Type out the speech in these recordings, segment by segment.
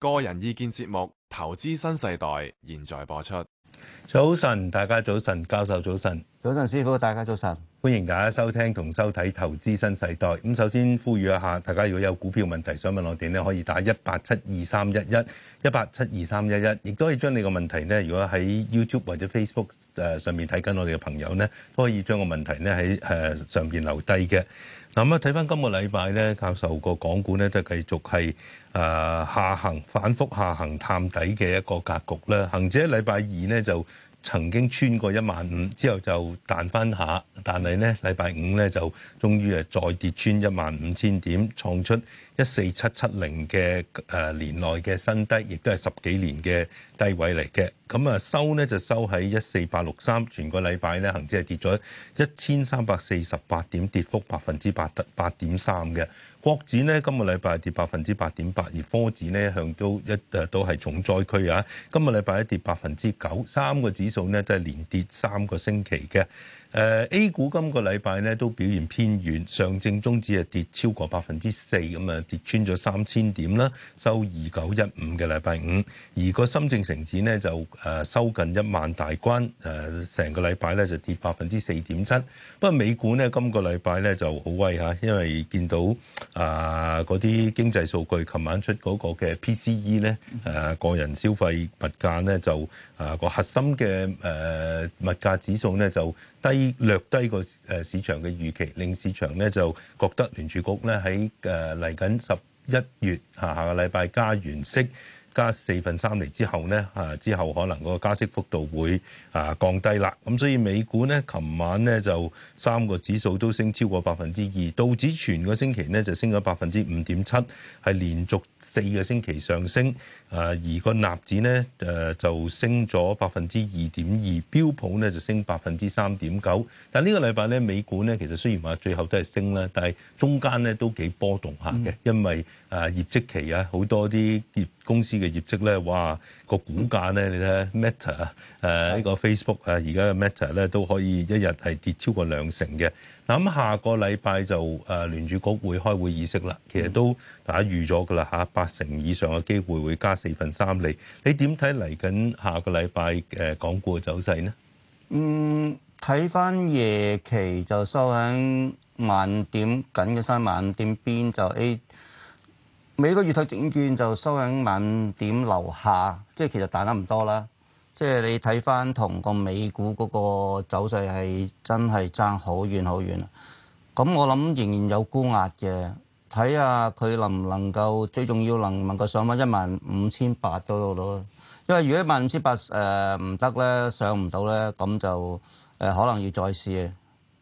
個人意見節目《投資新世代》現在播出。早晨，大家早晨，教授早晨，早晨師傅，大家早晨，歡迎大家收聽同收睇《投資新世代》。咁首先呼籲一下，大家如果有股票問題想問我哋呢，可以打一八七二三一一一八七二三一一，亦都可以將你個問題呢，如果喺 YouTube 或者 Facebook 誒上，上面睇緊我哋嘅朋友呢，都可以將個問題呢喺誒上邊留低嘅。嗱咁啊，睇翻今個禮拜咧，教授個港股咧都繼續係下行、反覆下行探底嘅一個格局啦，恒指禮拜二咧就曾經穿過一萬五，之後就彈翻下，但係咧禮拜五咧就終於係再跌穿一萬五千點，創出，一四七七零嘅誒年內嘅新低，亦都係十幾年嘅低位嚟嘅。咁啊收呢，就收喺一四八六三，全個禮拜呢，恒指係跌咗一千三百四十八點，跌幅百分之八八點三嘅。國指呢，今個禮拜跌百分之八點八，而科指呢，向都一誒都係重災區啊。今個禮拜一跌百分之九，三個指數呢都係連跌三個星期嘅。A 股今個禮拜咧都表現偏軟，上證中指跌超過百分之四咁啊，跌穿咗三千點啦，收二九一五嘅禮拜五。而個深證成指呢就收近一萬大關，成個禮拜咧就跌百分之四點七。不過美股呢，今個禮拜咧就好威嚇，因為見到啊嗰啲經濟數據，琴晚出嗰個嘅 PCE 呢，個人消費物價呢，就啊個核心嘅物價指數呢就低。啲略低個誒市場嘅預期，令市場咧就覺得聯儲局咧喺誒嚟緊十一月下下個禮拜加完息。加四分三厘之後呢，之後可能嗰個加息幅度會啊降低啦。咁所以美股呢，琴晚呢就三個指數都升超過百分之二，道指全個星期呢就升咗百分之五點七，係連續四個星期上升。而個納指呢，就升咗百分之二點二，標普呢就升百分之三點九。但呢個禮拜呢，美股呢其實雖然話最後都係升啦，但係中間呢都幾波動下嘅，因為誒、啊、業績期啊，好多啲業公司嘅業績咧，哇、個股價咧、嗯，你睇 Meta 誒、啊、呢個 Facebook 誒而家嘅 Meta 咧都可以一日係跌超過兩成嘅。嗱咁下個禮拜就誒、啊、聯儲局會開會議息啦。其實都大家預咗㗎喇吓，八成以上嘅機會會加四分三厘。你點睇嚟緊下個禮拜誒港股嘅走勢呢？嗯，睇返夜期就收喺萬點緊嘅山，萬點邊就 A。每個月睇整券就收緊萬點樓下，即係其實彈得唔多啦。即係你睇翻同個美股嗰個走勢係真係爭好遠好遠啊！咁我諗仍然有沽壓嘅，睇下佢能唔能夠最重要能唔能夠上翻一萬五千八度咯。因為如果一萬五千八唔得咧，上唔到咧，咁就可能要再試。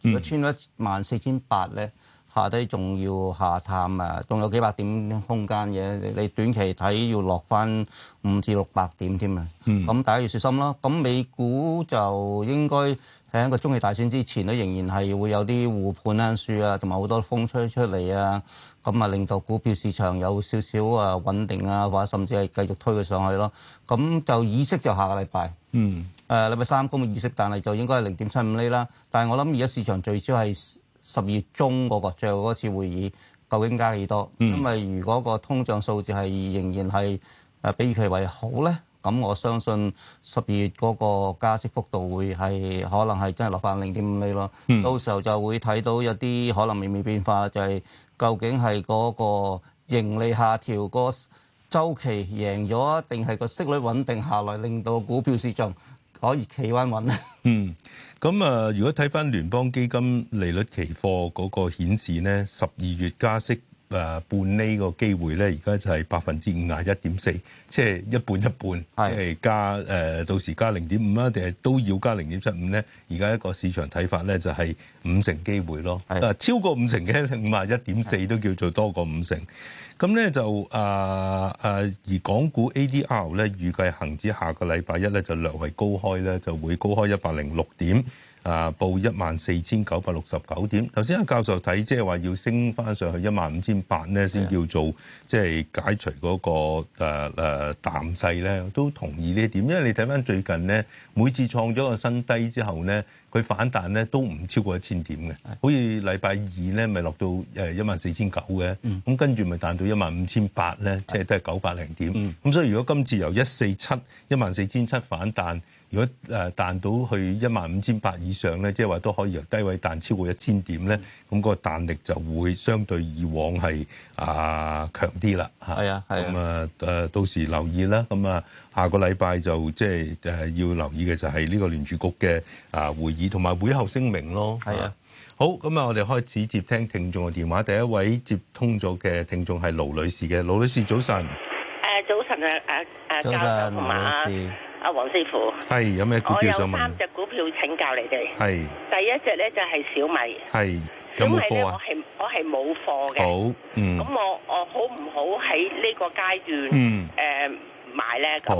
如果穿咗一萬四千八咧，呢下低仲要下探啊！仲有幾百點空間嘅，你短期睇要落翻五至六百點添啊！咁、mm. 大家要小心咯。咁美股就應該喺一個中期大選之前咧，仍然係會有啲護盤啊、樹啊，同埋好多風吹出嚟啊，咁啊令到股票市場有少少啊穩定啊，或者甚至係繼續推佢上去咯。咁就議息就下個禮拜，嗯、mm. 呃，誒禮拜三公布議息，但係就應該係零點七五釐啦。但係我諗而家市場最少係。十二月中嗰個最後嗰次會議究竟加幾多、嗯？因為如果個通脹數字係仍然係誒比預期為好咧，咁我相信十二月嗰個加息幅度會係可能係真係落翻零點五厘咯、嗯。到時候就會睇到有啲可能微微變化，就係、是、究竟係嗰個盈利下調個周期贏咗定係個息率穩定下來令到股票市場可以企穩穩。咧。嗯。咁啊，如果睇返聯邦基金利率期貨嗰個顯示咧，十二月加息啊半釐個機會咧，而家就係百分之五十一點四，即係一半一半，係加誒到時加零點五啊，定係都要加零點七五咧？而家一個市場睇法咧，就係五成機會咯。係啊，超過五成嘅五十一點四都叫做多過五成。咁咧就啊啊而港股 ADR 咧預計恒指下個禮拜一咧就略為高開咧就會高開一百零六點。啊，報一萬四千九百六十九點。頭先阿教授睇，即係話要升翻上去一萬五千八咧，先叫做即係解除嗰、嗰個誒、uh, uh, 淡勢咧，都同意呢一點。因為你睇翻最近咧，每次創咗個新低之後咧，佢反彈咧都唔超過一千點嘅。好似禮拜二咧，咪落到一萬四千九嘅，咁跟住咪彈到一萬五千八咧，即係都係九百零點。咁、嗯、所以如果今次由一四七一萬四千七反彈。如果誒彈到去一萬五千八以上咧，即係話都可以由低位彈超過一千點咧，咁個彈力就會相對以往係啊強啲啦嚇。係啊，係啊，咁啊誒，到時留意啦。咁啊，下個禮拜就即係誒要留意嘅就係呢個聯儲局嘅啊會議同埋會後聲明咯。係啊。好，咁啊，我哋開始接聽聽眾嘅電話。第一位接通咗嘅聽眾係盧女士嘅。盧女士早、啊、早晨。誒、啊啊、早晨啊啊啊，嘉德阿黃師傅，係有咩股票想問？我有三隻股票請教你哋。係第一隻咧就係、係、小米，係有冇貨、啊、我係我係冇貨嘅。好，嗯。咁我我好唔好喺呢個階段，嗯，誒、呃、買咧？好。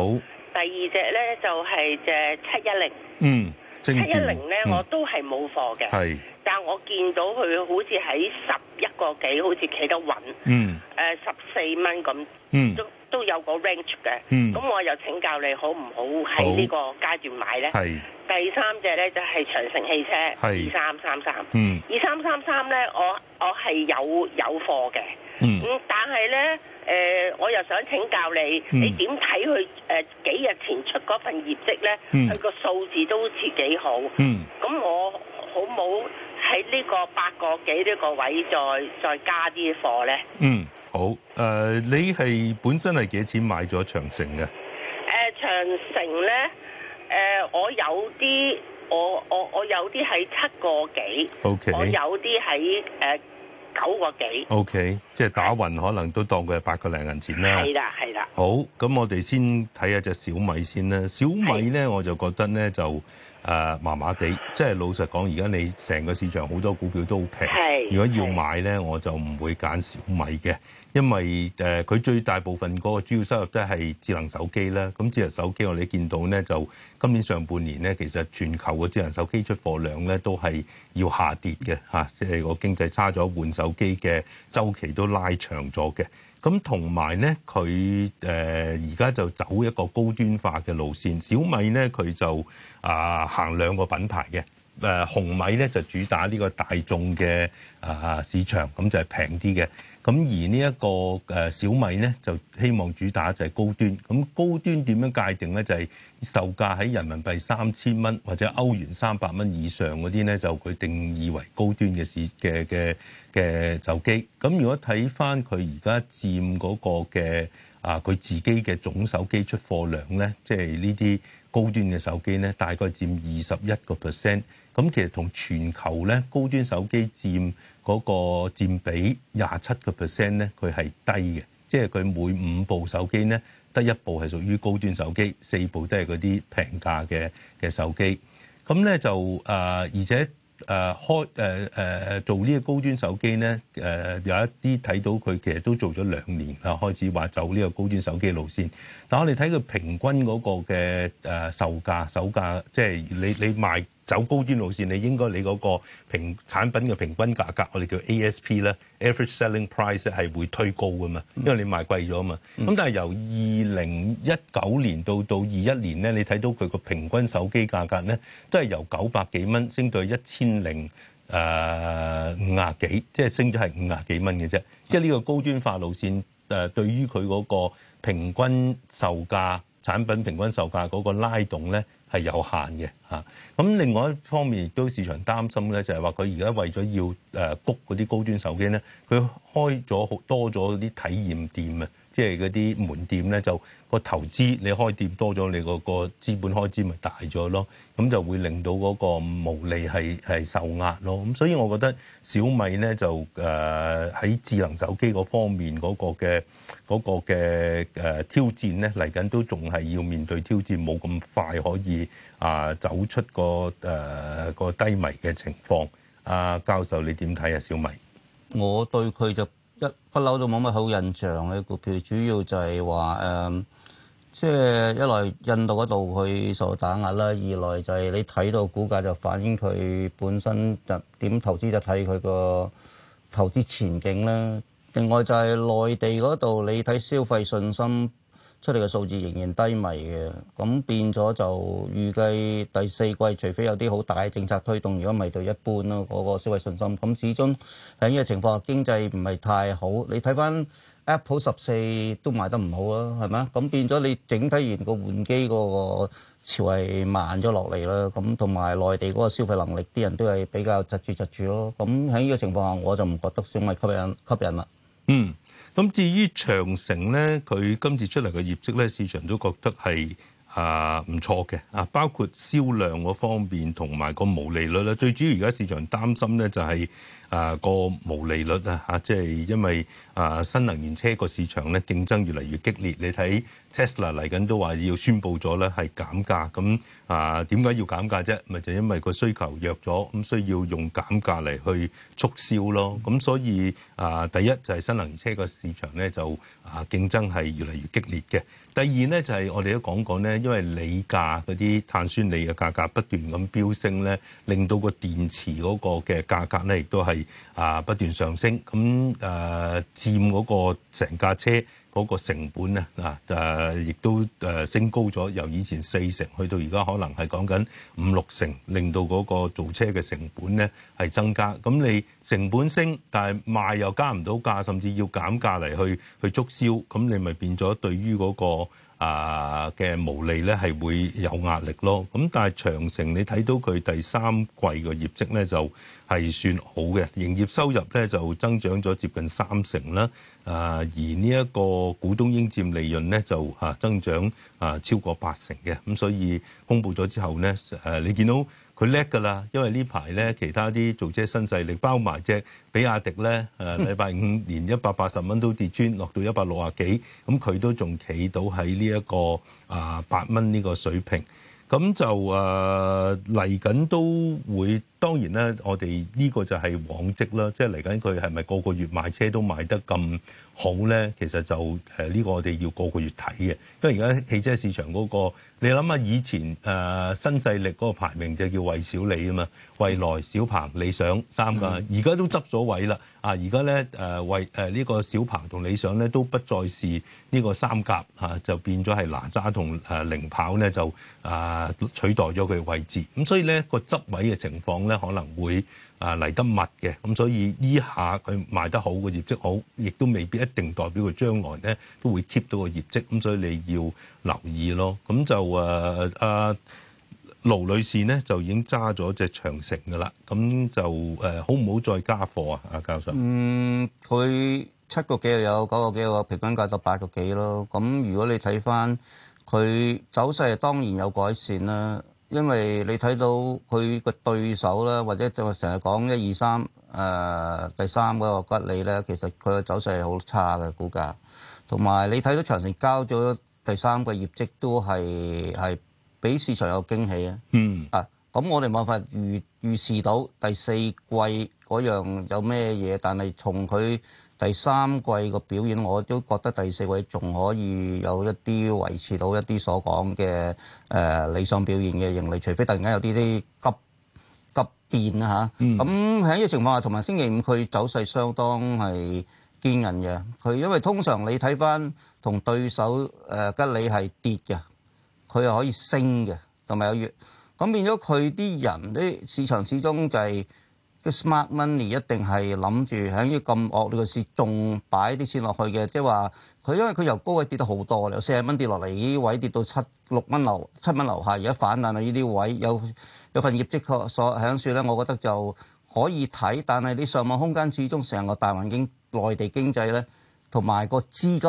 第二隻咧就係隻七一零，嗯，七一零咧我都係冇貨嘅，係、嗯。但係我見到佢好似喺十一個幾，好似企得穩，嗯。誒十四蚊咁，嗯。都有個 range 嘅，咁、嗯、我又請教你，好唔好喺呢個階段買呢？第三隻呢，就係、是、長城汽車，二三三三，嗯，二三三三呢，我我係有有貨嘅，嗯，但係呢、呃，我又想請教你，嗯、你點睇佢幾幾日前出嗰份業績呢？佢、嗯、個數字都好似幾好，咁、嗯、我好冇喺呢個八個幾呢個位再再加啲貨呢？嗯。好，誒、呃，你係本身係幾錢買咗長城嘅？誒、呃，長城咧，誒、呃，我有啲，我我我有啲喺七個幾，我有啲喺、okay. 呃、九個幾。O、okay. K、呃、即係打勻可能都當佢係八個零銀錢啦。係啦，係啦。好，咁我哋先睇下隻小米先啦。小米咧，我就覺得咧就。誒、啊，麻麻地，即係老實講，而家你成個市場好多股票都好平。係，如果要買咧，我就唔會揀小米嘅，因為誒，佢最大部分嗰個主要收入都係智能手機啦。咁智能手機我哋見到咧，就今年上半年咧，其實全球嘅智能手機出貨量咧都係要下跌嘅嚇，即係個經濟差咗，換手機嘅周期都拉長咗嘅。咁同埋咧，佢誒而家就走一個高端化嘅路線。小米咧，佢就啊行兩個品牌嘅誒，紅米咧就主打呢個大眾嘅啊市場，咁就係平啲嘅。咁而呢一個誒小米咧就希望主打就係高端，咁高端點樣界定咧？就係售價喺人民幣三千蚊或者歐元三百蚊以上嗰啲咧，就佢定義為高端嘅市嘅嘅嘅手機。咁如果睇翻佢而家佔嗰個嘅啊佢自己嘅總手機出貨量咧，即係呢啲。高端嘅手機咧，大概佔二十一個 percent，咁其實同全球咧高端手機佔嗰個佔比廿七個 percent 咧，佢係低嘅，即係佢每五部手機咧得一部係屬於高端手機，四部都係嗰啲平價嘅嘅手機，咁咧就誒而且。誒開誒誒做呢個高端手機咧，誒有一啲睇到佢其實都做咗兩年啦，開始話走呢個高端手機嘅路線。但係我哋睇佢平均嗰個嘅誒售價、售價，即係你你賣。走高端路線，你應該你嗰個平產品嘅平均價格，我哋叫 ASP 咧，Average Selling Price 係會推高㗎嘛，因為你賣貴咗啊嘛。咁但係由二零一九年到到二一年咧，你睇到佢個平均手機價格咧，都係由九百幾蚊升到一千零誒五十幾，即係升咗係五十幾蚊嘅啫。即係呢個高端化路線誒，對於佢嗰個平均售價產品平均售價嗰個拉動咧，係有限嘅嚇，咁另外一方面亦都市場擔心咧，就係話佢而家為咗要誒谷嗰啲高端手機咧，佢開咗好多咗啲體驗店啊。即係嗰啲門店咧，就個投資你開店多咗，你個個資本開支咪大咗咯。咁就會令到嗰個毛利係係受壓咯。咁所以我覺得小米咧就誒喺智能手機嗰方面嗰個嘅嗰個嘅誒挑戰咧嚟緊都仲係要面對挑戰，冇咁快可以啊走出個誒個低迷嘅情況。阿教授你點睇啊？小米？我對佢就。一不嬲都冇乜好印象嘅股票，主要就係話，誒、嗯，即、就、係、是、一來印度嗰度去受打壓啦，二來就係你睇到股價就反映佢本身就點投資，就睇佢個投資前景啦。另外就係內地嗰度，你睇消費信心，出嚟嘅數字仍然低迷嘅，咁變咗就預計第四季，除非有啲好大嘅政策推動，如果唔係就一般咯。嗰個消費信心，咁始終喺呢個情況下，經濟唔係太好。你睇翻 Apple 十四都賣得唔好啊，係咪啊？咁變咗你整體完個換機嗰個潮係慢咗落嚟啦。咁同埋內地嗰個消費能力，啲人都係比較窒住窒住咯。咁喺呢個情況下，我就唔覺得消費吸引吸引啦。嗯。咁至於長城呢，佢今次出嚟嘅業績呢，市場都覺得係啊唔錯嘅啊，包括銷量嗰方面同埋個毛利率咧，最主要而家市場擔心呢，就係、係。啊個毛利率啊嚇，即係因為啊新能源車個市場咧競爭越嚟越激烈。你睇 Tesla 嚟緊都話要宣布咗咧係減價，咁啊點解要減價啫？咪就是、因為個需求弱咗，咁需要用減價嚟去促銷咯。咁所以啊第一就係、是、新能源車個市場咧就啊競爭係越嚟越激烈嘅。第二咧就係、是、我哋都講過咧，因為鋰價嗰啲碳酸鋰嘅價格不斷咁飆升咧，令到個電池嗰個嘅價格咧亦都係。啊！不斷上升，咁誒佔嗰個成架車嗰個成本咧啊亦都升高咗，由以前四成去到而家可能係講緊五六成，令到嗰個造車嘅成本咧係增加。咁你成本升，但係賣又加唔到價，甚至要減價嚟去去促銷，咁你咪變咗對於嗰個。啊嘅毛利咧係會有壓力咯，咁但係長城你睇到佢第三季嘅業績咧就係算好嘅，營業收入咧就增長咗接近三成啦，啊而呢一個股東應佔利潤咧就啊增長啊超過八成嘅，咁所以公佈咗之後咧誒你見到。佢叻㗎啦，因為呢排咧其他啲造車新勢力包埋隻比亞迪咧，誒禮拜五連一百八十蚊都跌穿，落到一百六啊幾，咁佢都仲企到喺呢一個啊八蚊呢個水平，咁就誒嚟緊都會。當然咧，我哋呢個就係往績啦，即係嚟緊佢係咪個個月賣車都賣得咁好咧？其實就誒呢個我哋要個個月睇嘅，因為而家汽車市場嗰、嗰個你諗下以前、呃、新勢力嗰個排名就叫蔚小理啊嘛，蔚來、小鵬、理想三個。而家都執咗位啦。啊，而家咧誒蔚誒呢個小鵬同理想咧都不再是呢個三甲、啊、就變咗係哪吒同零跑咧就、啊、取代咗佢嘅位置。咁所以咧個執位嘅情況呢，咧可能會啊嚟得密嘅，咁所以依下佢賣得好嘅業績好，亦都未必一定代表佢將來咧都會 keep 到個業績，咁所以你要留意咯。咁就誒阿盧女士咧就已經揸咗隻長城㗎喇，咁就誒、啊、好唔好再加貨啊？阿教授，嗯，佢七個幾又有九個幾個有，個平均價就八個幾咯。咁如果你睇翻佢走勢，當然有改善啦。因為你睇到佢個對手啦，或者就係成日講一二三，誒、呃、第三個吉利咧，其實佢嘅走勢係好差嘅股價，同埋你睇到長城交咗第三個業績都係係俾市場有驚喜、嗯、啊！嗯啊，咁我哋冇法預預示到第四季嗰樣有咩嘢，但係從佢。第三季個表現我都覺得第四位仲可以有一啲，維持到一啲所講嘅誒理想表現嘅盈利，除非突然間有啲啲急急變啊嚇。咁喺呢個情況下，同埋星期五佢走勢相當係堅韌嘅。佢因為通常你睇翻同對手誒，吉利係跌嘅，佢係可以升嘅，同埋有月咁變咗佢啲人啲市場始終就係。Smart Money 一定係諗住喺於咁惡劣嘅市仲擺啲錢落去嘅，即係話佢因為佢由高位跌得好多，由四十蚊跌落嚟呢啲位跌到七六蚊樓七蚊樓下，而家反彈到呢啲位有有份業績確所響算咧，我覺得就可以睇，但係你上網空間始終成個大環境、內地經濟咧，同埋個資金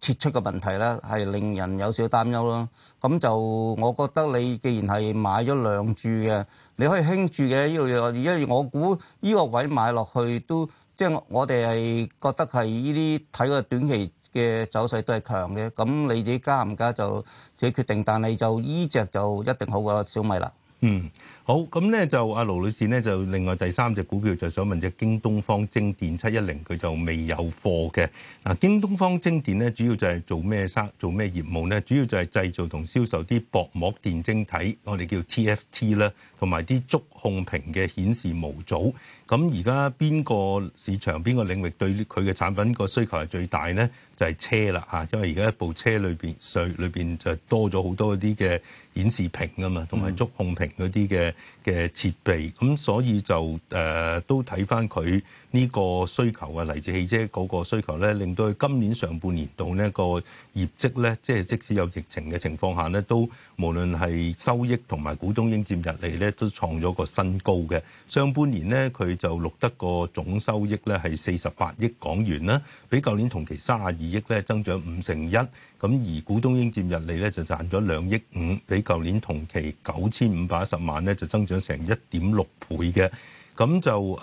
撤出嘅問題咧，係令人有少少擔憂咯。咁就我覺得你既然係買咗兩注嘅。你可以輕住嘅呢度，因為我估呢個位買落去都，即係我哋係覺得係呢啲睇個短期嘅走勢都係強嘅。咁你自己加唔加就自己決定，但係就呢隻就一定好過小米啦。嗯。好，咁咧就阿盧女士咧，就另外第三隻股票就想問隻京東方精電七一零，佢就未有貨嘅。嗱京東方精電咧主要就係做咩生做咩業務咧？主要就係製造同銷售啲薄膜電晶體，我哋叫 TFT 啦，同埋啲觸控屏嘅顯示模組。咁而家邊個市場邊個領域對佢嘅產品個需求係最大咧？就係車啦吓，因為而家一部車裏面上裏邊就多咗好多啲嘅顯示屏啊嘛，同埋觸控屏嗰啲嘅。嘅設備，咁所以就誒、呃、都睇翻佢呢個需求啊，嚟自汽車嗰個需求咧，令到佢今年上半年度呢個業績咧，即係即使有疫情嘅情況下呢，都無論係收益同埋股東應佔溢利咧，都創咗個新高嘅。上半年呢，佢就錄得個總收益咧係四十八億港元啦，比舊年同期三十二億咧增長五成一。咁而股東應佔溢利咧就賺咗兩億五，比舊年同期九千五百一十萬咧就增長成一點六倍嘅，咁就誒，佢、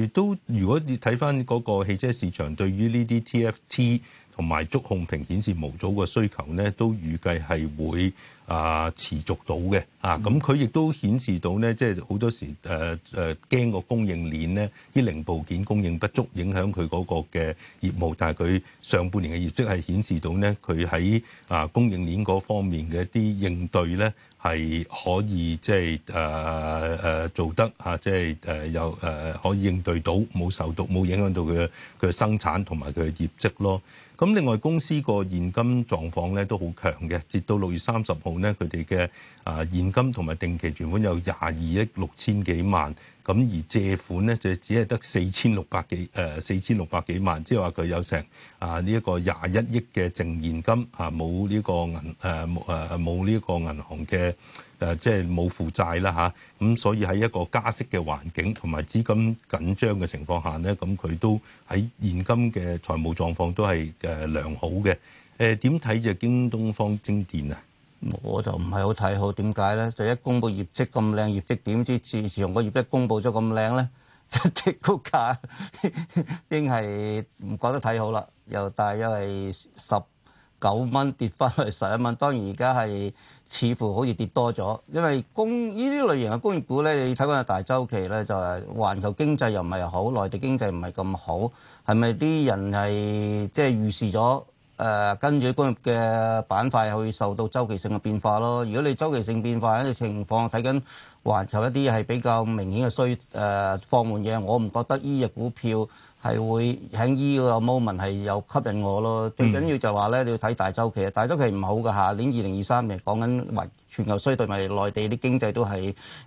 呃、都如果你睇翻嗰個汽車市場，對於呢啲 TFT 同埋觸控屏顯示模組個需求咧，都預計係會啊持續到嘅啊！咁佢亦都顯示到咧，即係好多時誒誒驚個供應鏈咧，啲零部件供應不足，影響佢嗰個嘅業務。但係佢上半年嘅業績係顯示到咧，佢喺啊供應鏈嗰方面嘅一啲應對咧，係可以即係誒誒做得啊，即係誒有誒可以應對到，冇受到，冇影響到佢嘅佢嘅生產同埋佢嘅業績咯。咁另外公司個現金狀況咧都好強嘅，截到六月三十號咧，佢哋嘅啊現金同埋定期存款有廿二億六千幾萬，咁而借款咧就只係得四千六百幾誒四千六百幾萬，即係話，佢有成啊呢一個廿一億嘅淨現金啊，冇呢個銀誒誒冇呢個銀行嘅。誒，即係冇負債啦，吓，咁，所以喺一個加息嘅環境同埋資金緊張嘅情況下咧，咁佢都喺現今嘅財務狀況都係誒良好嘅。誒點睇就京東方精電啊？我就唔係好睇好，點解咧？就一公佈業績咁靚，業績點知自從個業績公佈咗咁靚咧，即係股價已經係唔覺得睇好啦，又大約係十九蚊跌翻去十一蚊，當然而家係似乎好似跌多咗，因為工呢啲類型嘅工業股咧，你睇緊個大周期咧，就係、是、環球經濟又唔係好，內地經濟唔係咁好，係咪啲人係即係預示咗跟住工業嘅板塊去受到周期性嘅變化咯？如果你周期性變化嘅情況睇緊環球一啲係比較明顯嘅衰誒放緩嘅，我唔覺得呢隻股票。係會喺依個 moment 係有吸引我咯。最緊要就話呢，你要睇大周期，大周期唔好㗎。下年二零二三年講緊全球衰退咪內地啲經濟都係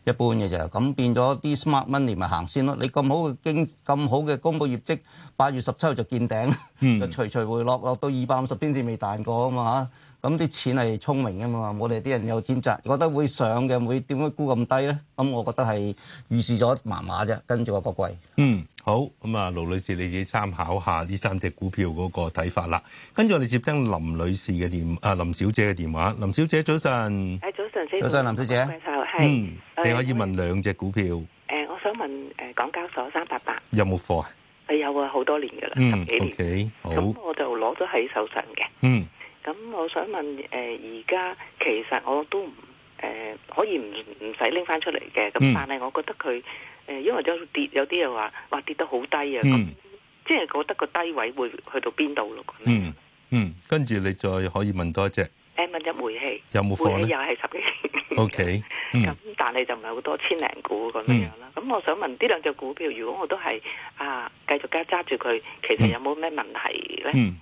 一般嘅，就咁變咗啲 smart money 咪行先咯。你咁好嘅經咁好嘅公布業績，八月十七號就見頂，就隨隨回落落到二百五十點線未彈過啊嘛嚇。咁啲錢係聰明啊嘛，我哋啲人有踐責，覺得會上嘅會點解估咁低咧？咁我覺得係預示咗麻麻啫。跟住個個季。嗯，好咁啊，盧女士你自己參考下呢三隻股票嗰個睇法啦。跟住我哋接聽林女士嘅電啊，林小姐嘅電話。林小姐早晨。早晨，林小姐，係、嗯，你可以問兩隻股票，誒、呃，我想問，誒，港交所三八八有冇貨啊？係有啊，好多年噶啦、嗯，十幾年。咁、okay, 我就攞咗喺手上嘅。嗯。咁我想問，誒、呃，而家其實我都唔，誒、呃，可以唔唔使拎翻出嚟嘅。咁，但係我覺得佢，誒、呃，因為有跌，有啲人話，話跌得好低啊。咁、嗯，即係覺得個低位會去到邊度咯？嗯嗯。跟住你再可以問多一隻。A 蚊一煤氣有冇貨？又係十幾有有， OK，咁、嗯、 但係就唔係好多千零股咁樣樣啦。咁、嗯、我想問呢兩隻股票，如果我都係啊繼續加揸住佢，其實有冇咩問題咧？嗯嗯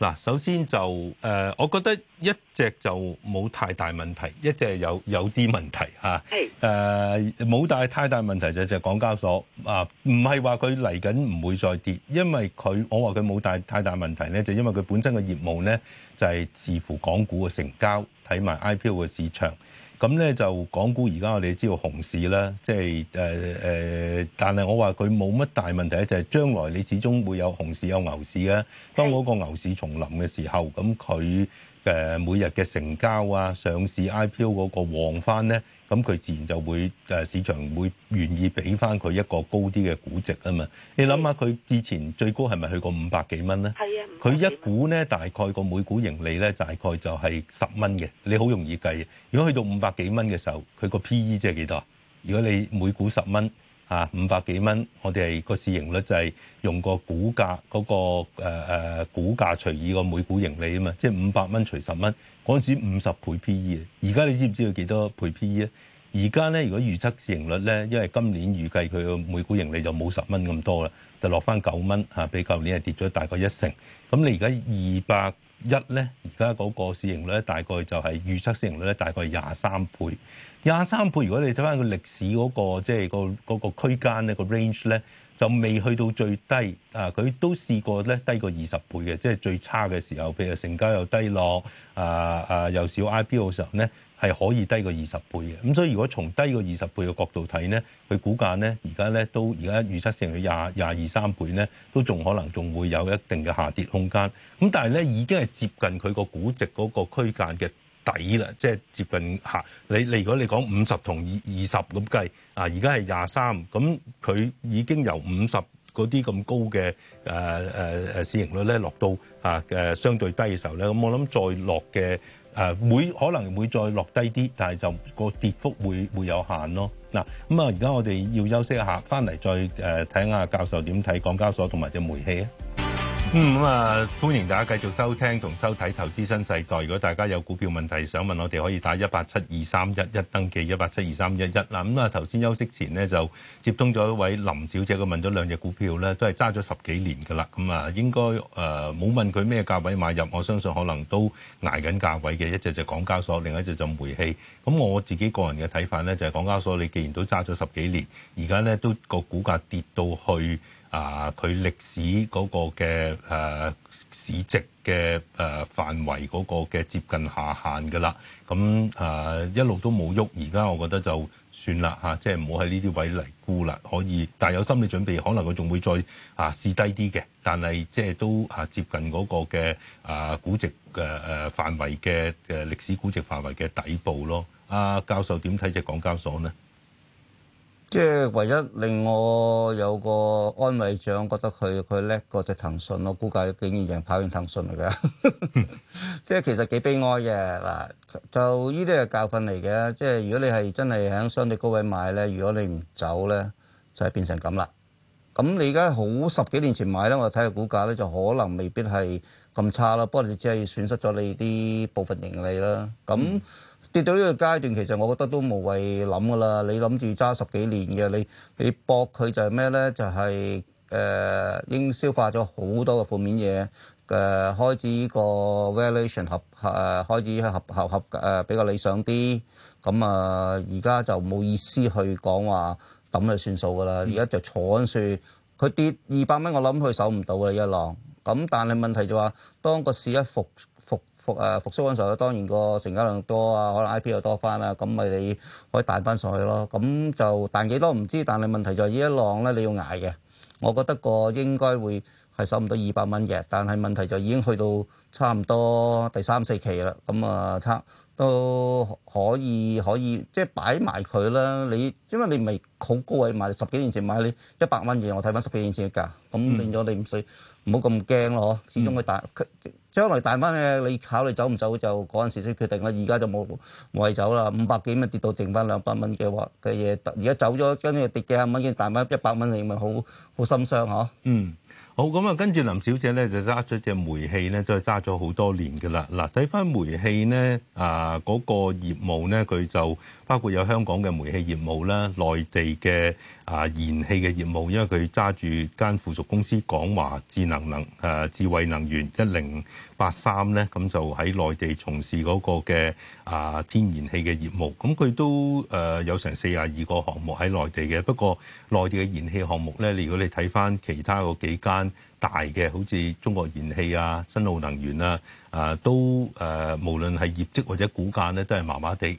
嗱，首先就誒，我覺得一隻就冇太大問題，一隻有有啲問題嚇。係誒，冇大太大問題就就係港交所啊，唔係話佢嚟緊唔會再跌，因為佢我話佢冇大太大問題咧，就因為佢本身嘅業務咧就係視乎港股嘅成交，睇埋 IPO 嘅市場。咁咧就港股而家我哋知道熊市啦，即係誒誒，但係我話佢冇乜大問題咧，就係、是、將來你始終會有熊市有牛市啊。當嗰個牛市重臨嘅時候，咁佢每日嘅成交啊、上市 IPO 嗰個旺翻咧。咁佢自然就會誒市場會願意俾翻佢一個高啲嘅估值啊嘛！你諗下佢之前最高係咪去過五百幾蚊咧？係啊，佢一股咧大概個每股盈利咧大概就係十蚊嘅，你好容易計。如果去到五百幾蚊嘅時候，佢個 P E 即係幾多？如果你每股十蚊。啊，五百幾蚊，我哋係個市盈率就係用個股價嗰個誒誒股價除以個每股盈利啊嘛，即係五百蚊除十蚊，嗰陣時五十倍 P E，而家你知唔知佢幾多倍 P E 啊？而家咧如果預測市盈率咧，因為今年預計佢個每股盈利就冇十蚊咁多啦，就落翻九蚊吓，比舊年係跌咗大概一成。咁你而家二百一咧，而家嗰個市盈率咧大概就係預測市盈率咧大概廿三倍。廿三倍，如果你睇翻個歷史嗰個即係個嗰個區間咧，個 range 咧就未去到最低啊！佢都試過咧低過二十倍嘅，即係最差嘅時候，譬如成交又低落啊，啊又少 IPO 嘅時候咧，係可以低過二十倍嘅。咁所以如果從低過二十倍嘅角度睇咧，佢股價咧而家咧都而家預測成去廿廿二三倍咧，都仲可能仲會有一定嘅下跌空間。咁但係咧已經係接近佢個估值嗰個區間嘅。底啦，即係接近下你。你如果你講五十同二二十咁計啊，而家係廿三，咁佢已經由五十嗰啲咁高嘅誒誒誒市盈率咧落到啊誒、啊、相對低嘅時候咧，咁我諗再落嘅誒、啊、會可能會再落低啲，但係就個跌幅會會有限咯。嗱，咁啊，而家我哋要休息一下，翻嚟再誒睇下教授點睇港交所同埋隻煤氣啊。咁、嗯、啊，歡迎大家繼續收聽同收睇《投資新世代》。如果大家有股票問題想問我哋，可以打一八七二三一一登記一八七二三一一啦。咁啊，頭先休息前呢，就接通咗一位林小姐，佢問咗兩隻股票咧,都係揸咗十幾年噶啦。咁啊，應該誒冇、呃、問佢咩價位買入，我相信可能都捱緊價位嘅。一隻就港交所，另一隻就煤氣。咁我自己個人嘅睇法咧，就係、是、港交所，你既然都揸咗十幾年，而家咧都個股價跌到去。啊！佢歷史嗰個嘅誒、啊、市值嘅誒、啊、範圍嗰個嘅接近下限㗎啦，咁啊一路都冇喐，而家我覺得就算啦嚇，即係唔好喺呢啲位嚟估啦，可以，但係有心理準備，可能佢仲會再啊試低啲嘅，但係即係都啊接近嗰個嘅啊估值誒誒範圍嘅嘅歷史估值範圍嘅底部咯。阿、啊、教授點睇隻港交所呢？即係唯一令我有個安慰獎，覺得佢佢叻過隻騰訊。我估計竟然贏跑完騰訊嚟嘅，即係其實幾悲哀嘅。嗱，就呢啲係教訓嚟嘅。即係如果你係真係喺相對高位買咧，如果你唔走咧，就係變成咁啦。咁你而家好十幾年前買咧，我睇下股價咧，就可能未必係咁差咯。不過你只係損失咗你啲部分盈利啦。咁。嗯跌到呢個階段，其實我覺得都無謂諗噶啦。你諗住揸十幾年嘅，你你搏佢就係咩咧？就係誒應消化咗好多嘅負面嘢，誒、呃、開始呢個 valuation 合、呃、誒開始合合合誒、呃、比較理想啲。咁啊，而家就冇意思去講話抌就算數噶啦。而、嗯、家就坐穩住，佢跌二百蚊，我諗佢守唔到嘅一浪。咁但係問題就話、是，當個市一復復誒復甦嗰陣時候，當然個成交量多啊，可能 IP 又多返啦，咁咪你可以彈返上去咯。咁就彈幾多唔知，但係問題就係呢一浪咧，你要捱嘅。我覺得個應該會係收唔到二百蚊嘅，但係問題就已經去到差唔多第三四期啦。咁啊，差。都可以可以即係擺埋佢啦。你因為你唔係好高位買，十幾年前買你一百蚊嘅，我睇翻十幾年前嘅價，咁、嗯、變咗你唔使唔好咁驚咯。始終佢大佢將來大翻，你考慮走唔走就嗰陣時先決定啦。而家就冇謂走啦，五百幾咪跌到剩翻兩百蚊嘅話嘅嘢，而家走咗跟住跌幾廿蚊嘅大翻一百蚊，你咪好好心傷嗬。嗯。好咁啊，跟住林小姐咧就揸咗隻煤氣咧，都係揸咗好多年噶啦。嗱，睇返煤氣咧，啊嗰個業務咧，佢就。包括有香港嘅煤氣業務啦，內地嘅啊燃氣嘅業務，因為佢揸住間附屬公司港華智能能智慧能源一零八三咧，咁就喺內地從事嗰個嘅啊天然氣嘅業務，咁佢都誒有成四廿二個項目喺內地嘅。不過內地嘅燃氣項目咧，如果你睇翻其他幾間大嘅，好似中國燃氣啊、新奧能源啊，啊都誒無論係業績或者股價咧，都係麻麻地。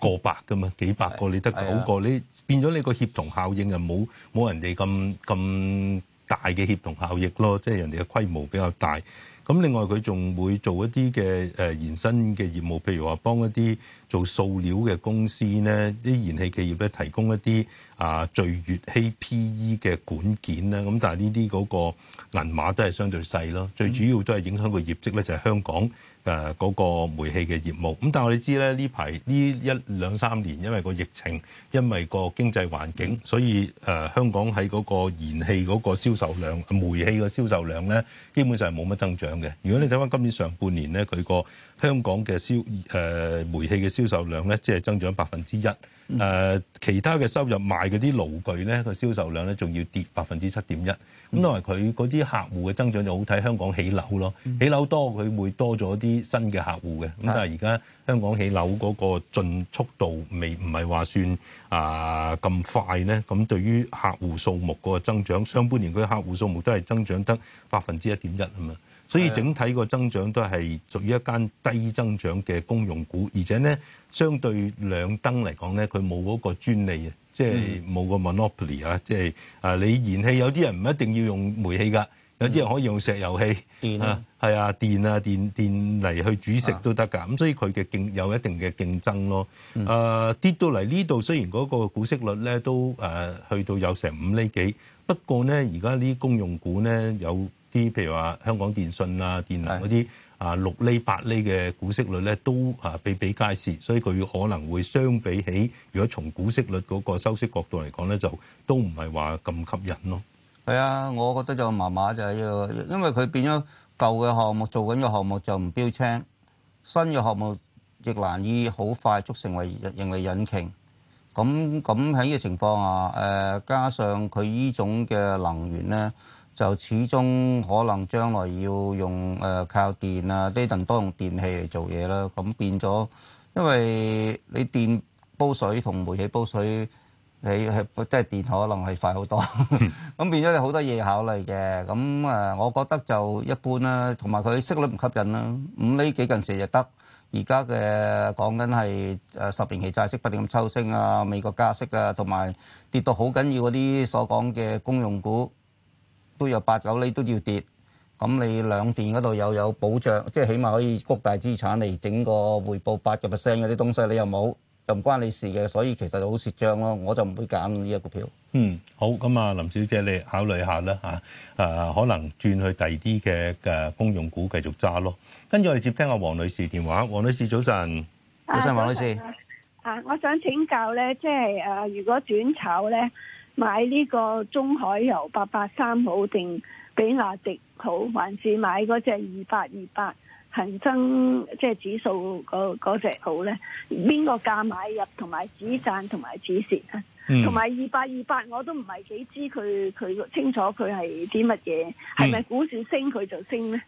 過百嘅嘛，幾百個你得九個，你變咗你個協同效應就冇冇人哋咁咁大嘅協同效應咯，即係人哋嘅規模比較大。咁另外佢仲會做一啲嘅誒延伸嘅業務，譬如話幫一啲做塑料嘅公司咧，啲燃氣企業咧，提供一啲啊聚乙烯 PE 嘅管件啦。咁但係呢啲嗰個銀碼都係相對細咯。最主要都係影響個業績咧，就係香港。誒、那、嗰個煤氣嘅業務咁，但係我哋知咧呢排呢一兩三年，因為個疫情，因為個經濟環境，所以誒香港喺嗰個燃氣嗰個銷售量，煤氣嘅銷售量咧，基本上係冇乜增長嘅。如果你睇返今年上半年咧，佢個香港嘅銷誒煤氣嘅銷售量咧，即係增長百分之一。誒、呃，其他嘅收入賣嗰啲爐具咧，個銷售量咧仲要跌百分之七點一。咁因為佢嗰啲客戶嘅增長就好睇香港起樓咯，嗯、起樓多佢會多咗啲新嘅客戶嘅。咁但係而家香港起樓嗰個進速度未唔係話算啊咁、呃、快咧？咁對於客戶數目嗰個增長，上半年佢客戶數目都係增長得百分之一點一啊嘛。所以整體個增長都係屬於一間低增長嘅公用股，而且咧相對兩燈嚟講咧，佢冇嗰個專利啊，即係冇個 monopoly 啊，即係啊你燃氣有啲人唔一定要用煤氣㗎，有啲人可以用石油氣係啊，係啊電啊電電嚟去煮食都得㗎，咁所以佢嘅競有一定嘅競爭咯。啊跌到嚟呢度，雖然嗰個股息率咧都啊去到有成五厘幾，不過咧而家啲公用股咧有。啲譬如話香港電信啊、電能嗰啲啊六釐八釐嘅股息率咧都啊比比皆是，所以佢可能會相比起，如果從股息率嗰個收息角度嚟講咧，就都唔係話咁吸引咯。係啊，我覺得就麻麻就係呢個，因為佢變咗舊嘅項目做緊嘅項目就唔標青，新嘅項目亦難以好快速成為成為引擎。咁咁喺呢個情況下，誒加上佢依種嘅能源咧。就始終可能將來要用誒靠電啊，啲人多用電器嚟做嘢啦。咁變咗，因為你電煲水同煤氣煲水，你係即係電可能係快好多。咁變咗，你好多嘢考慮嘅。咁誒，我覺得就一般啦。同埋佢息率唔吸引啦。咁呢幾近時就得，而家嘅講緊係誒十年期債息不斷咁抽升啊，美國加息啊，同埋跌到好緊要嗰啲所講嘅公用股。都有八九厘都要跌，咁你兩電嗰度又有保障，即係起碼可以谷大資產嚟整個回報八個 percent 嗰啲東西，你又冇又唔關你事嘅，所以其實好蝕帳咯，我就唔會揀呢一個票。嗯，好，咁啊，林小姐你考慮下啦嚇，誒可能轉去第二啲嘅誒公用股繼續揸咯。跟住我哋接聽阿黃女士電話，黃女士早晨，早晨黃女士，啊，我想請教咧，即係誒如果轉炒咧？買呢個中海油八八三好定比亞迪好，還是買嗰隻二八二八恒生即係指數嗰嗰隻好呢？邊個價買入同埋止賺同埋止蝕啊？同埋二八二八，嗯、28, 200，我都唔係幾知佢佢清楚佢係啲乜嘢？係咪股市升佢、嗯、就升呢？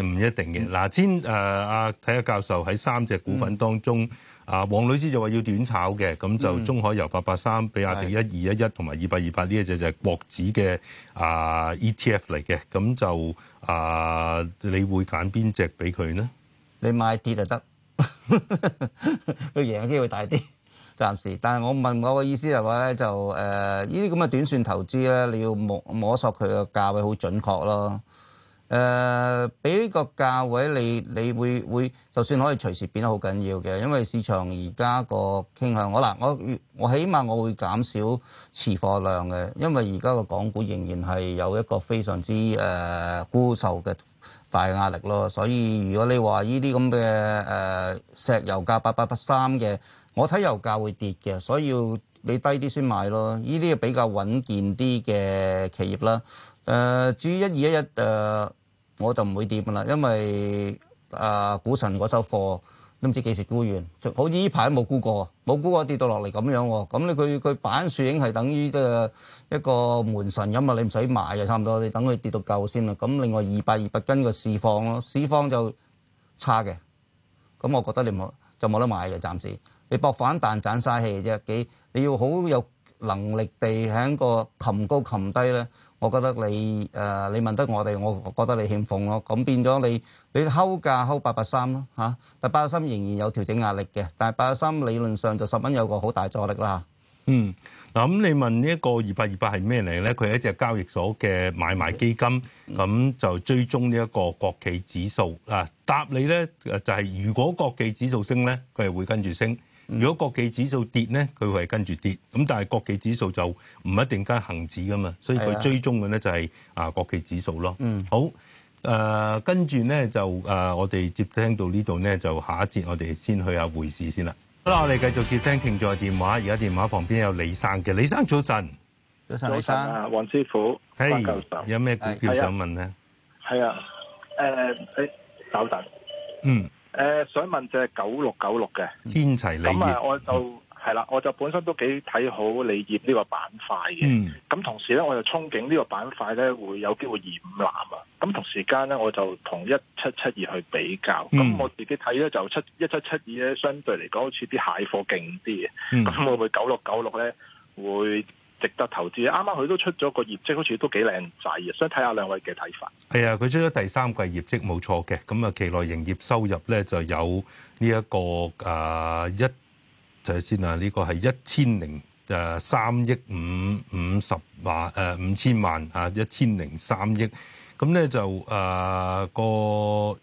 唔 一定嘅。嗱，先誒，阿睇下教授喺三隻股份當中。嗯嗯啊，黃女士就話要短炒嘅，咁就中海油八八三，比亞迪一二一一同埋二八二八呢一隻就係國指嘅啊 ETF 嚟嘅，咁就啊、uh，你會揀邊隻俾佢呢？你買跌就得，佢 贏嘅機會大啲，暫時。但係我問我嘅意思係話咧，就誒呢啲咁嘅短線投資咧，你要摸摸索佢嘅價位好準確咯。誒、呃，俾呢個價位你，你會你會會就算可以隨時變得好緊要嘅，因為市場而家個傾向，我嗱我我起碼我會減少持貨量嘅，因為而家個港股仍然係有一個非常之誒、呃、沽售嘅大壓力咯，所以如果你話呢啲咁嘅誒石油價八八八三嘅，我睇油價會跌嘅，所以要你低啲先買咯，呢啲比較穩健啲嘅企業啦，誒、呃、至於一二一一誒我就唔會掂啦，因為啊股神嗰手貨都唔知幾時沽完，好似呢排都冇沽過，冇沽過跌到落嚟咁樣喎。咁你佢佢板樹影係等於即係一個門神咁啊，你唔使買啊，差唔多，你等佢跌到夠先啦。咁另外二百二百斤嘅市況咯，市況就差嘅。咁我覺得你冇就冇得買嘅，暫時你搏反彈盞嘥氣啫，幾你要好有能力地喺個擒高擒低咧。我覺得你誒你問得我哋，我覺得你欠奉咯。咁變咗你你溝價溝八八三咯嚇，但係八八三仍然有調整壓力嘅。但係八八三理論上就十蚊有個好大阻力啦。嗯，嗱咁你問呢一個二八二八係咩嚟咧？佢係一隻交易所嘅買賣基金，咁就追蹤呢一個國企指數啊。答你咧，就係如果國企指數升咧，佢係會跟住升。如果國際指數跌咧，佢會係跟住跌。咁但係國際指數就唔一定跟恒指噶嘛，所以佢追蹤嘅咧就係啊國際指數咯。啊嗯、好，誒跟住咧就誒、呃、我哋接聽到呢度咧，就下一節我哋先去一下匯市先啦。好啦，我哋繼續接聽聽在電話，而家電話旁邊有李生嘅。李生早晨，早晨李生，黃師傅，hey, 有咩股票想問咧？係啊，誒你稍等，嗯。誒、呃、想問隻九六九六嘅天齊鋰業，咁啊我就係啦，我就本身都幾睇好鋰業呢個板塊嘅。咁、嗯、同時咧，我就憧憬個呢個板塊咧會有機會染藍啊。咁同時間咧，我就同一七七二去比較。咁我自己睇咧就七一七七二咧，相對嚟講好似啲蟹貨勁啲嘅。咁、嗯、會唔會九六九六咧會值得投資，啱啱佢都出咗個業績，好似都幾靚仔，所以睇下兩位嘅睇法。係啊，佢出咗第三季業績冇錯嘅，咁啊，期內營業收入咧就有呢一個啊一就係先啊，呢個係一千零誒三億五五十萬誒五千萬啊一千零三億，咁咧就誒個。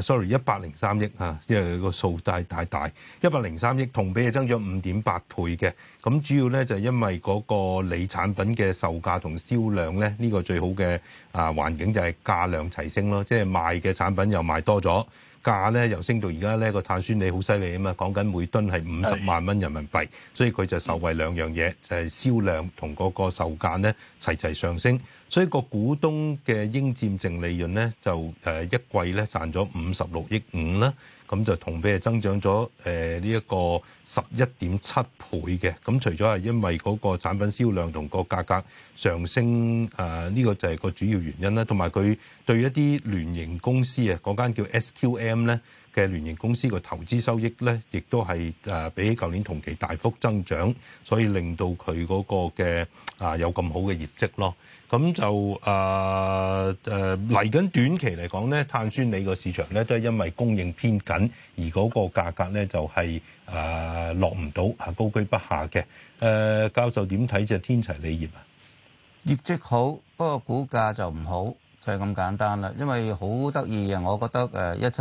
Sorry，一百零三億啊，因為個數大大大，一百零三億同比係增長五點八倍嘅。咁主要咧就係因為嗰個鋰產品嘅售價同銷量咧，呢、這個最好嘅啊環境就係價量齊升咯。即、就、係、是、賣嘅產品又賣多咗，價咧又升到而家咧個碳酸鋰好犀利啊嘛，講緊每噸係五十萬蚊人民幣，所以佢就受惠兩樣嘢，就係、是、銷量同嗰個售價咧齊齊上升。所以個股東嘅應佔淨利潤咧，就誒一季咧賺咗五十六億五啦。咁就同比係增長咗誒呢一個十一點七倍嘅。咁除咗係因為嗰個產品銷量同個價格上升，誒呢個就係個主要原因啦。同埋佢對一啲聯營公司啊，嗰間叫 SQM 咧嘅聯營公司個投資收益咧，亦都係誒比起舊年同期大幅增長，所以令到佢嗰個嘅啊有咁好嘅業績咯。咁就誒誒嚟緊短期嚟講咧，碳酸鋰個市場咧都係因為供應偏緊，而嗰個價格咧就係誒落唔到，高居不下嘅。誒、呃、教授點睇就天齊鋰業啊？業績好，不過股價就唔好，就係、是、咁簡單啦。因為好得意啊，我覺得誒一七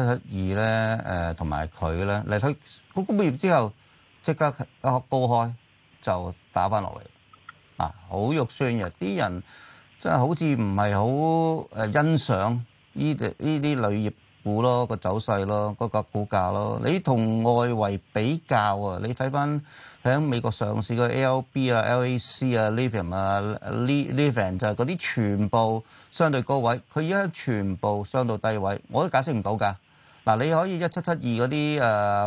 七二咧，誒同埋佢咧嚟到公布業之後，即刻一開高開就打翻落嚟，啊好肉酸嘅啲人。真係好似唔係好欣賞呢啲依啲鋰業股咯，個走勢咯，嗰個股價咯。你同外圍比較啊，你睇翻喺美國上市嘅 ALB 啊、LAC 啊、Livium 啊、Livian 就係嗰啲全部相對高位，佢而家全部相對低位，我都解釋唔到㗎。嗱，你可以一七七二嗰啲誒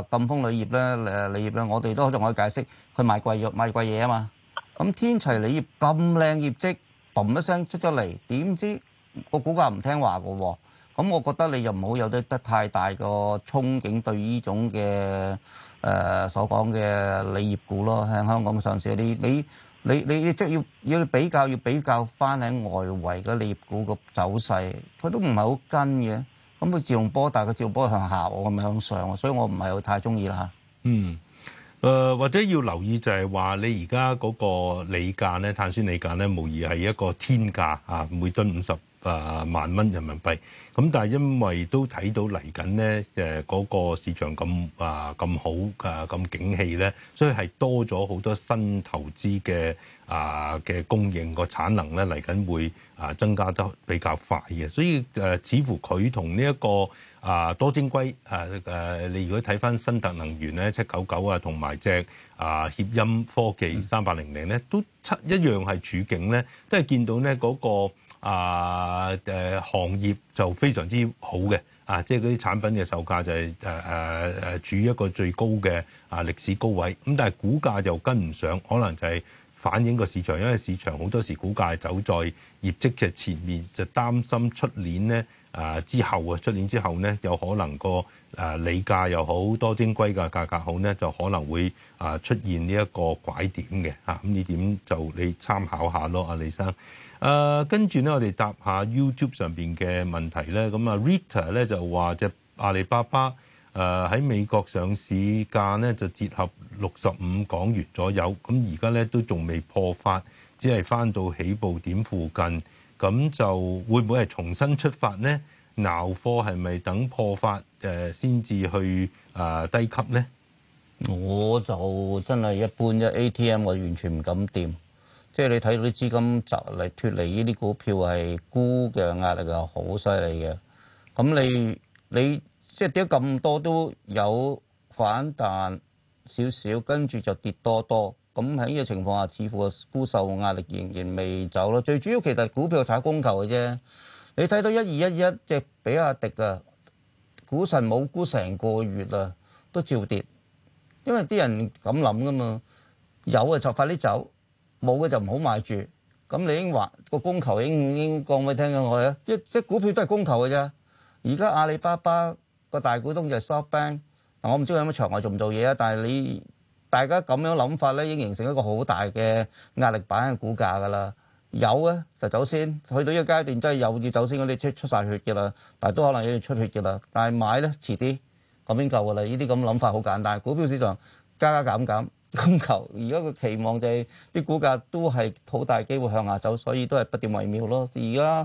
贛鋒鋰業咧、誒鋰業咧，我哋都仲可以解釋佢賣貴藥賣貴嘢啊嘛。咁天齊鋰業咁靚業績。嘣一聲出咗嚟，點知個股價唔聽話㗎。咁我覺得你又唔好有啲得太大個憧憬，對呢種嘅誒、呃、所講嘅鋰業股咯，喺香港上市，你你你你即係要要比較，要比較翻喺外圍嘅鋰業股個走勢，佢都唔係好跟嘅。咁佢自動波，大，係佢自動波向下，我唔係向上，所以我唔係好太中意啦。嗯。誒或者要留意就係話你而家嗰個鋰價咧，碳酸鋰價咧，無疑係一個天價啊！每噸五十萬蚊人民幣。咁但係因為都睇到嚟緊咧誒嗰個市場咁啊咁好啊咁景氣咧，所以係多咗好多新投資嘅啊嘅供應個產能咧嚟緊會啊，增加得比較快嘅，所以誒、呃，似乎佢同呢一個啊多晶硅誒誒，你如果睇翻新特能源咧七九九啊，同埋隻啊協鑫科技三八零零咧，都七一樣係處境咧，都係見到咧、那、嗰個啊誒、啊、行業就非常之好嘅。啊，即係嗰啲產品嘅售價就係誒誒誒處於一個最高嘅啊歷史高位，咁但係股價就跟唔上，可能就係、是。反映個市場，因為市場好多時股價走在業績嘅前面，就擔心出年呢，啊之後啊，出年之後呢，後有可能個啊理價又好多晶硅嘅價格好呢，就可能會啊出現呢一個拐點嘅嚇，咁呢點就你參考下咯，阿李生。誒跟住呢，我哋答下 YouTube 上邊嘅問題呢。咁啊 Rita 呢，就話隻阿里巴巴。誒喺美國上市價咧就折合六十五港元左右，咁而家咧都仲未破發，只係翻到起步點附近，咁就會唔會係重新出發呢？撈貨係咪等破發誒先至去啊低級呢？我就真係一般啫，ATM 我完全唔敢掂，即係你睇到啲資金集嚟脱離呢啲股票係沽嘅壓力啊，好犀利嘅。咁你你？你即係跌咁多都有反彈少少，跟住就跌多多。咁喺呢個情況下，似乎個沽售壓力仍然未走咯。最主要其實股票係炒供求嘅啫。你睇到一二一一，隻比亞迪啊，股神冇沽成個月啦，都照跌。因為啲人咁諗噶嘛，有啊就快啲走，冇嘅就唔好買住。咁你已經話個供求已經已經講俾聽緊我啦。一即係股票都係供求嘅啫。而家阿里巴巴。個大股東就係 softbank，但我唔知佢有冇場外做唔做嘢啊，但係你大家咁樣諗法咧，已經形成一個好大嘅壓力板嘅股價㗎啦。有啊，就走先，去到呢個階段真係有住走先嗰啲出出曬血㗎啦，但係都可能要出血㗎啦。但係買咧遲啲咁邊夠㗎啦。呢啲咁諗法好簡單，股票市場加加減減供求，而家個期望就係啲股價都係好大機會向下走，所以都係不斷為妙咯。而家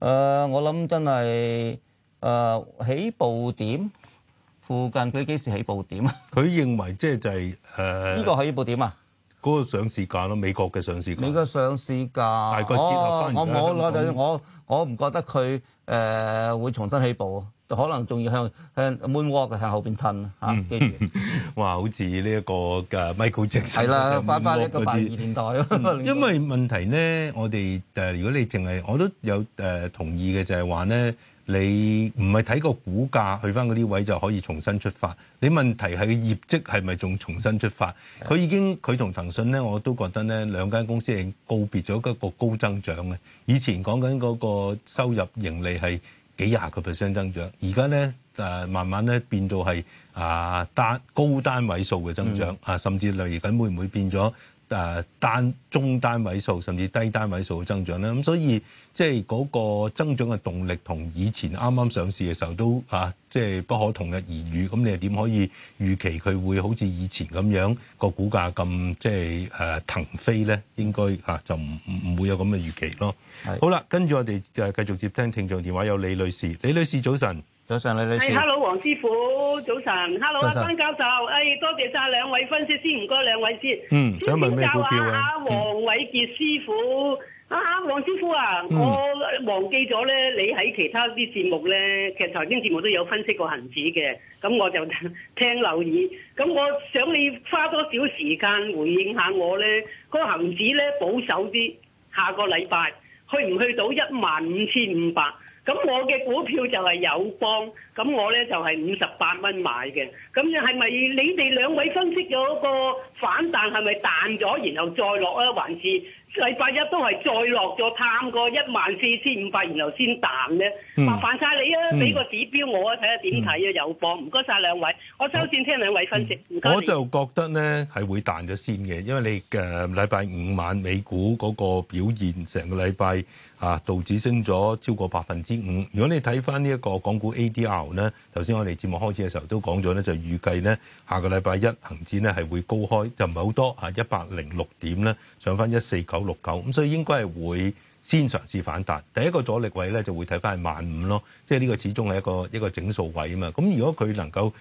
誒，我諗真係。誒，起步點附近，佢幾時起步點啊？佢認為即係就係誒呢個起步點啊？嗰個上市價咯，美國嘅上市價。呢個上市價，哦，我我我就我我唔覺得佢誒會重新起步啊！就可能仲要向向 Moonwalk 向後邊褪嚇。哇！好似呢一個嘅 Michael Jackson 係啦，翻翻呢個八二年代。因為問題咧，我哋誒如果你淨係我都有誒同意嘅就係話咧。你唔係睇個股價去翻嗰啲位就可以重新出發，你問題係業績係咪仲重新出發？佢已經佢同騰訊咧，我都覺得咧兩間公司係告別咗一個高增長嘅。以前講緊嗰個收入盈利係幾廿個 percent 增長，而家咧誒慢慢咧變到係啊單高單位數嘅增長啊，甚至例如緊會唔會變咗？誒單中單位數甚至低單位數嘅增長咧，咁所以即係嗰個增長嘅動力同以前啱啱上市嘅時候都啊，即係不可同日而語。咁你又點可以預期佢會好似以前咁樣個股價咁即係誒騰飛咧？應該就唔唔唔會有咁嘅預期咯。好啦，跟住我哋就係繼續接聽聽眾電話，有李女士，李女士早晨。早晨，你李 h、hey, e l l o 黃師傅，早晨。Hello，上阿潘教授，哎，多謝晒兩位分析師，唔該兩位先。嗯。想問咩股票，想問下黃偉傑師傅，嗯、啊，黃師傅啊，我忘記咗咧，你喺其他啲節目咧、嗯，其實頭先節目都有分析過恒指嘅，咁我就聽留意，咁我想你花多少時間回應一下我咧？嗰恒指咧保守啲，下個禮拜去唔去到一萬五千五百？咁我嘅股票就係友邦，咁我呢就係五十八蚊買嘅。咁你係咪你哋兩位分析咗個反彈係咪彈咗，然後再落啊？還是禮拜一都係再落咗探過一萬四千五百，然後先彈呢？嗯、麻煩晒你啊，俾、嗯、個指標我看看啊，睇下點睇啊，友邦。唔該晒兩位，我收線聽兩位分析。嗯、謝謝我就覺得呢係會彈咗先嘅，因為你嘅禮拜五晚美股嗰個表現，成個禮拜。啊，道指升咗超過百分之五。如果你睇翻呢一個港股 ADR 咧，頭先我哋節目開始嘅時候都講咗咧，就預計咧下個禮拜一恆指咧係會高開，就唔係好多嚇一百零六點咧上翻一四九六九，咁所以應該係會先嘗試反彈。第一個阻力位咧就會睇翻係萬五咯，即係呢個始終係一個一個整數位啊嘛。咁如果佢能夠誒企、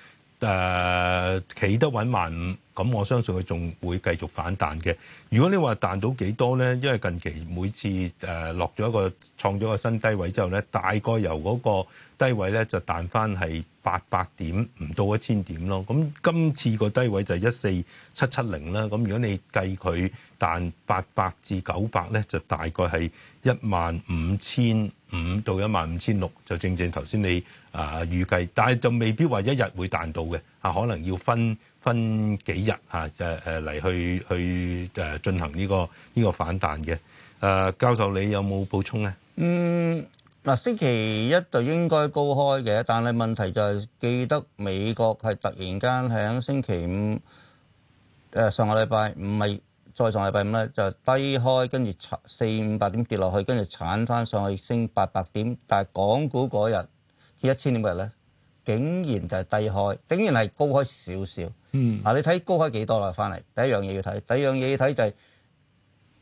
呃、得穩萬五。咁我相信佢仲會繼續反彈嘅。如果你話彈到幾多咧？因為近期每次誒落咗一個創咗個新低位之後咧，大概由嗰個低位咧就彈返係八百點，唔到一千點咯。咁今次個低位就一四七七零啦。咁如果你計佢彈八百至九百咧，就大概係一萬五千五到一萬五千六，就正正頭先你啊預計。但係就未必話一日會彈到嘅。啊，可能要分分幾日嚇、啊，誒誒嚟去去誒、啊、進行呢、呢個呢、呢個反彈嘅、啊。誒、啊，教授你有冇補充啊？嗯，嗱、啊，星期一就應該高開嘅，但係問題就係、是、記得美國係突然間喺星期五誒、呃、上個禮拜，唔係再上個禮拜五咧，就低開跟住四五百點跌落去，跟住撐翻上去升八百點，但係港股嗰日跌一千點日咧。竟然就係低開，竟然係高開少少。嗱、嗯啊，你睇高開幾多啦？翻嚟第一樣嘢要睇，第二樣嘢要睇就係、是、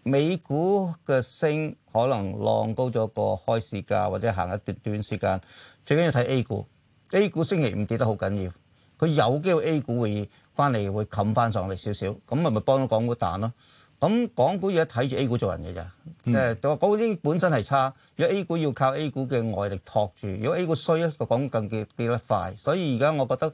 美股嘅升可能浪高咗個開市價，或者行一段短時間。最緊要睇 A 股，A 股星期五跌得好緊要，佢有機會 A 股會翻嚟會冚翻上嚟少少，咁咪咪幫到港股彈咯？咁港股要睇住 A 股做人嘅啫，即係嗰啲本身係差，如果 A 股要靠 A 股嘅外力托住，如果 A 股衰咧，就講更加跌得快，所以而家我覺得。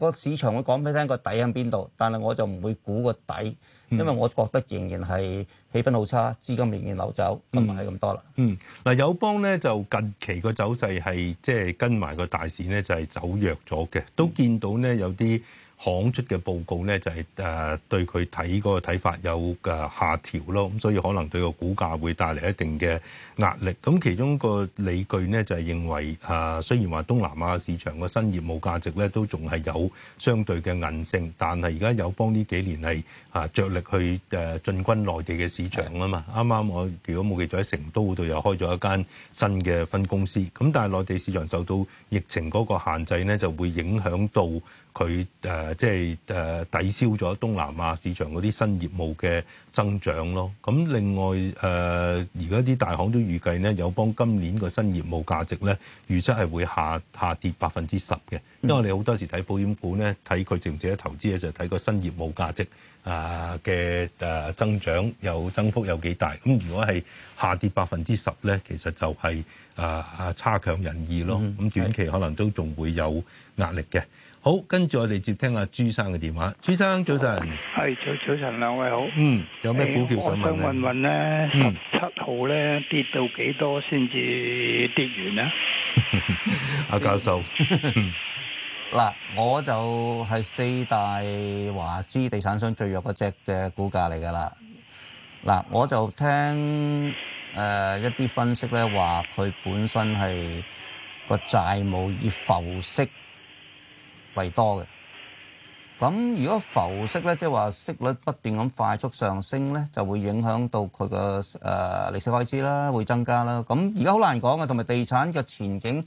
個市場會講俾你聽個底喺邊度，但係我就唔會估個底，因為我覺得仍然係氣氛好差，資金仍然流走，今日係咁多啦。嗯，嗱、嗯、友邦咧就近期個走勢係即係跟埋個大市咧就係、係、走弱咗嘅，都見到咧有啲。行出嘅報告咧，就係誒對佢睇嗰個睇法有嘅下調咯，咁所以可能對個股價會帶嚟一定嘅壓力。咁其中個理據咧，就係認為誒雖然話東南亞市場嘅新業務價值咧都仲係有相對嘅韌性，但係而家友邦呢幾年係啊着力去誒進軍內地嘅市場啊嘛。啱啱我如果冇記錯喺成都嗰度又開咗一間新嘅分公司，咁但係內地市場受到疫情嗰個限制咧，就會影響到。佢誒即係誒抵消咗東南亞市場嗰啲新業務嘅增長咯。咁另外誒，而家啲大行都預計咧，友邦今年個新業務價值咧，預測係會下下跌百分之十嘅，因為你好多時睇保險股咧睇佢值唔值得投資咧就睇個新業務價值啊嘅誒增長又增幅有幾大。咁如果係下跌百分之十咧，其實就係啊差強人意咯。咁短期可能都仲會有壓力嘅。好，跟住我哋接聽阿朱生嘅電話。朱生早，早，早晨，係早早晨，兩位好。嗯，有咩股票想問咧、哎問問？嗯，十七號咧跌到幾多先至跌完 啊？阿教授，嗱， 我就係四大華資地產商最弱嗰隻嘅股價嚟噶啦。嗱，我就聽誒、呃、一啲分析咧，話佢本身係個債務以浮息。係多嘅，咁如果浮息咧，即係話息率不斷咁快速上升咧，就會影響到佢個誒利息開支啦，會增加啦。咁而家好難講啊，同埋地產嘅前景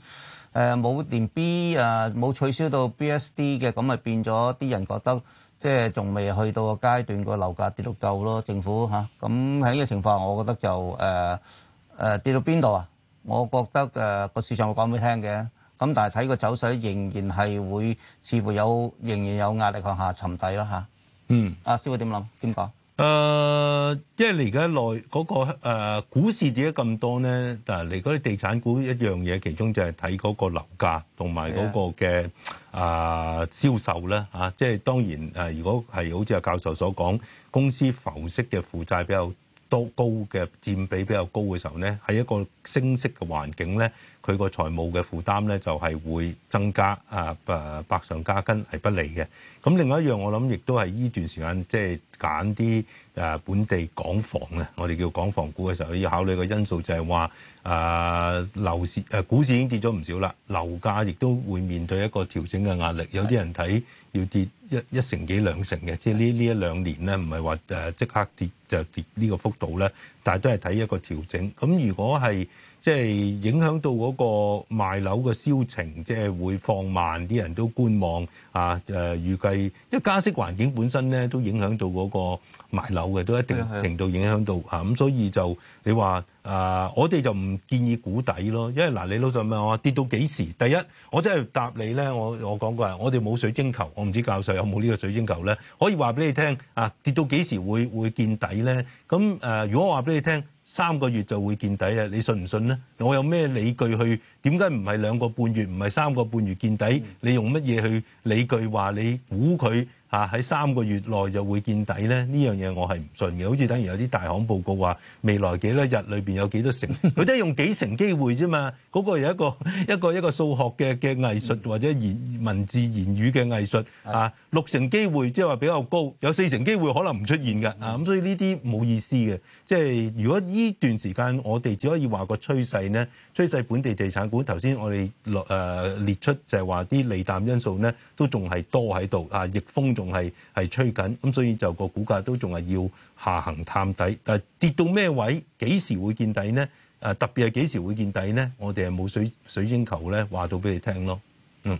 誒，冇連 B 啊，冇取消到 BSD 嘅，咁咪變咗啲人覺得即係仲未去到個階段，個樓價跌到夠咯。政府吓，咁喺呢個情況，我覺得就誒誒跌到邊度啊？我覺得誒個市場會講俾你聽嘅。咁但係睇個走勢仍然係會似乎有仍然有壓力向下沉底啦吓，嗯，阿、啊、師傅點諗，點講？誒、呃，即係嚟緊內嗰、那個誒、呃、股市跌咗咁多咧，但係嚟嗰啲地產股一樣嘢，其中就係睇嗰個樓價同埋嗰個嘅誒、呃、銷售啦吓、啊。即係當然誒、呃，如果係好似阿教授所講，公司浮息嘅負債比較多。多高嘅佔比比較高嘅時候咧，喺一個升息嘅環境咧，佢個財務嘅負擔咧就係會增加，啊啊百上加斤係不利嘅。咁另外一樣我諗亦都係呢段時間即係揀啲啊本地港房啊，我哋叫港房股嘅時候，要考慮嘅因素就係話啊樓市啊股市已經跌咗唔少啦，樓價亦都會面對一個調整嘅壓力。有啲人睇。要跌一一成幾兩成嘅，即係呢呢一兩年咧，唔係話誒即刻跌就跌呢個幅度咧，但係都係睇一個調整。咁如果係即係影響到嗰個賣樓嘅銷情，即係會放慢，啲人都觀望啊誒預計因為加息環境本身咧都影響到嗰個賣樓嘅，都一定程度影響到啊咁，是是是所以就你話誒，我哋就唔建議估底咯，因為嗱，你老實問我話跌到幾時？第一，我真係答你咧，我我講過，我哋冇水晶球。唔知教授有冇呢個水晶球咧？可以話俾你聽啊，跌到幾時會會見底咧？咁誒、呃，如果我話俾你聽。三個月就會見底啊！你信唔信呢？我有咩理據去？點解唔係兩個半月，唔係三個半月見底？你用乜嘢去理據話你估佢啊喺三個月內就會見底呢？呢樣嘢我係唔信嘅。好似等於有啲大行報告話未來幾多日裏邊有幾多成，佢都係用幾成機會啫嘛。嗰個有一個一個一個數學嘅嘅藝術或者言文字言語嘅藝術啊，六成機會即係話比較高，有四成機會可能唔出現㗎啊咁。所以呢啲冇意思嘅，即係如果。呢段時間，我哋只可以話個趨勢呢，趨勢本地地產股，頭先我哋落誒列出就係話啲利淡因素呢，都仲係多喺度啊，逆風仲係係吹緊，咁所以就個股價都仲係要下行探底，但係跌到咩位，幾時會見底呢？誒，特別係幾時會見底呢？我哋係冇水水晶球呢，話到俾你聽咯，嗯。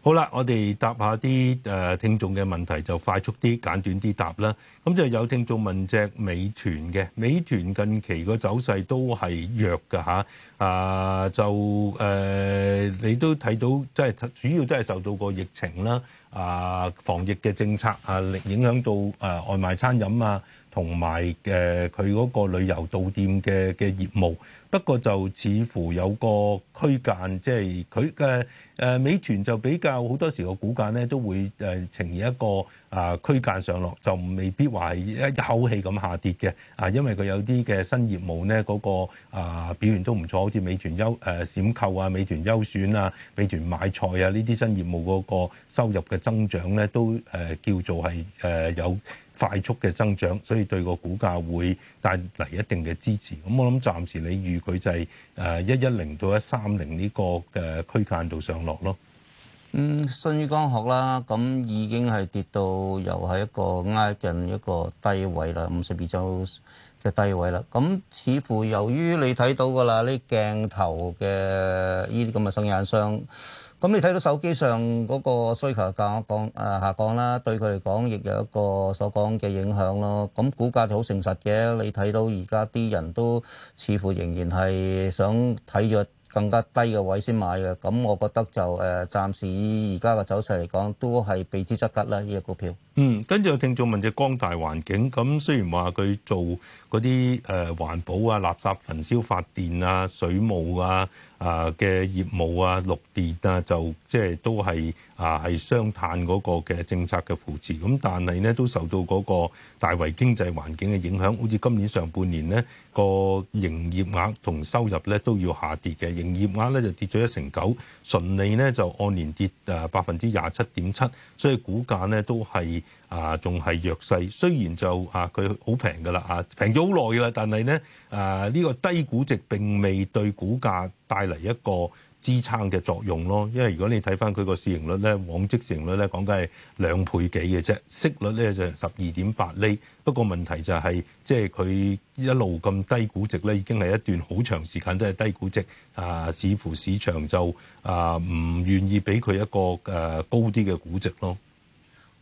好啦，我哋答下啲誒聽眾嘅問題，就快速啲簡短啲答啦。咁就有聽眾問隻美團嘅，美團近期個走勢都係弱㗎？嚇。啊，就誒你都睇到，即係主要都係受到個疫情啦，啊防疫嘅政策啊影響到誒外賣餐飲啊。同埋誒佢嗰個旅遊到店嘅嘅業務，不過就似乎有個區間，即係佢嘅誒美團就比較好多時個股價咧都會誒呈現一個啊區間上落，就未必話係一口氣咁下跌嘅啊，因為佢有啲嘅新業務咧嗰個啊表現都唔錯，好似美團優誒閃購啊、美團優選啊、美團買菜啊呢啲新業務嗰個收入嘅增長咧都誒叫做係誒有快速嘅增長，所以對個股價會帶嚟一定嘅支持。咁我諗暫時你預佢就係誒一一零到一三零呢個嘅區間度上落咯。嗯，舜宇光學啦，咁已經係跌到又係一個挨近一個低位啦，五十二周嘅低位啦。咁似乎由於你睇到㗎啦，呢鏡頭嘅呢啲咁嘅生產商。咁你睇到手機上嗰個需求降降誒下降啦，對佢嚟講亦有一個所講嘅影響咯。咁股價就好誠實嘅，你睇到而家啲人都似乎仍然係想睇咗更加低嘅位先買嘅。咁我覺得就誒，暫時而家嘅走勢嚟講，都係避之則吉啦。呢隻股票。嗯，跟住有聽眾問隻光大環境，咁雖然話佢做嗰啲誒環保啊、垃圾焚燒發電啊、水務啊。啊嘅業務啊，綠電啊，就即係都係啊係雙碳嗰個嘅政策嘅扶持，咁但係咧都受到嗰個大圍經濟環境嘅影響，好似今年上半年咧，個營業額同收入咧都要下跌嘅，營業額咧就跌咗一成九，純利咧就按年跌啊百分之廿七點七，所以股價咧都係。啊，仲係弱勢，雖然就啊，佢好平噶啦，平咗好耐噶啦，但係咧啊，呢個低估值並未對股價帶嚟一個支撐嘅作用咯。因為如果你睇翻佢個市盈率咧，往績市盈率咧講緊係兩倍幾嘅啫，息率咧就係十二點八厘。不過問題就係即係佢一路咁低估值咧，已經係一段好長時間都係低估值啊，似乎市場就啊唔願意俾佢一個誒、啊、高啲嘅估值咯。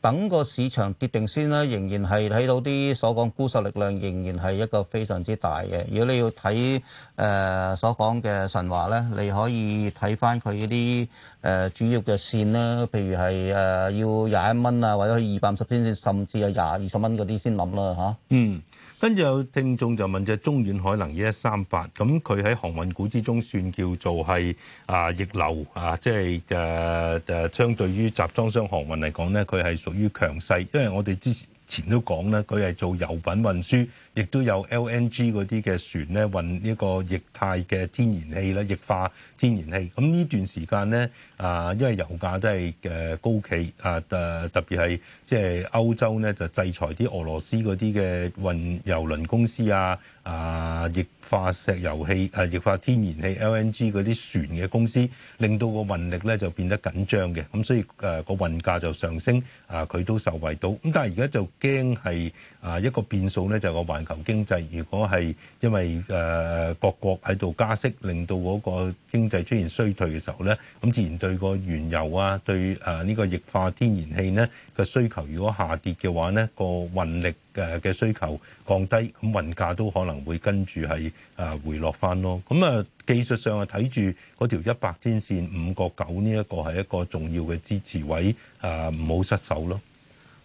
等個市場跌定先啦，仍然係睇到啲所講沽售力量仍然係一個非常之大嘅。如果你要睇誒、呃、所講嘅神話咧，你可以睇翻佢啲誒主要嘅線啦，譬如係誒、呃、要廿一蚊啊，或者二百五十天線，甚至係廿二十蚊嗰啲先諗啦嗯。跟住有聽眾就問隻中遠海能一一三八，咁佢喺航運股之中算叫做係啊逆流啊，即係誒誒相對於集裝箱航運嚟講咧，佢係屬於強勢，因為我哋之前。前都講啦，佢係做油品運輸，亦都有 LNG 嗰啲嘅船咧，運呢個液態嘅天然氣啦，液化天然氣。咁呢段時間咧，啊，因為油價都係嘅高企，啊，特特別係即係歐洲咧就制裁啲俄羅斯嗰啲嘅運油輪公司啊。啊，液化石油氣、啊液化天然氣 LNG 嗰啲船嘅公司，令到個運力咧就變得緊張嘅，咁所以誒個、啊、運價就上升。啊，佢都受惠到。咁但係而家就驚係啊一個變數咧，就係個環球經濟。如果係因為誒、啊、各國喺度加息，令到嗰個經濟出現衰退嘅時候咧，咁自然對個原油啊，對啊呢個液化天然氣咧嘅需求，如果下跌嘅話咧，個運力。嘅嘅需求降低，咁運價都可能會跟住係誒回落翻咯。咁啊，技術上啊睇住嗰條一百天線五個九呢一個係一個重要嘅支持位啊，唔好失手咯。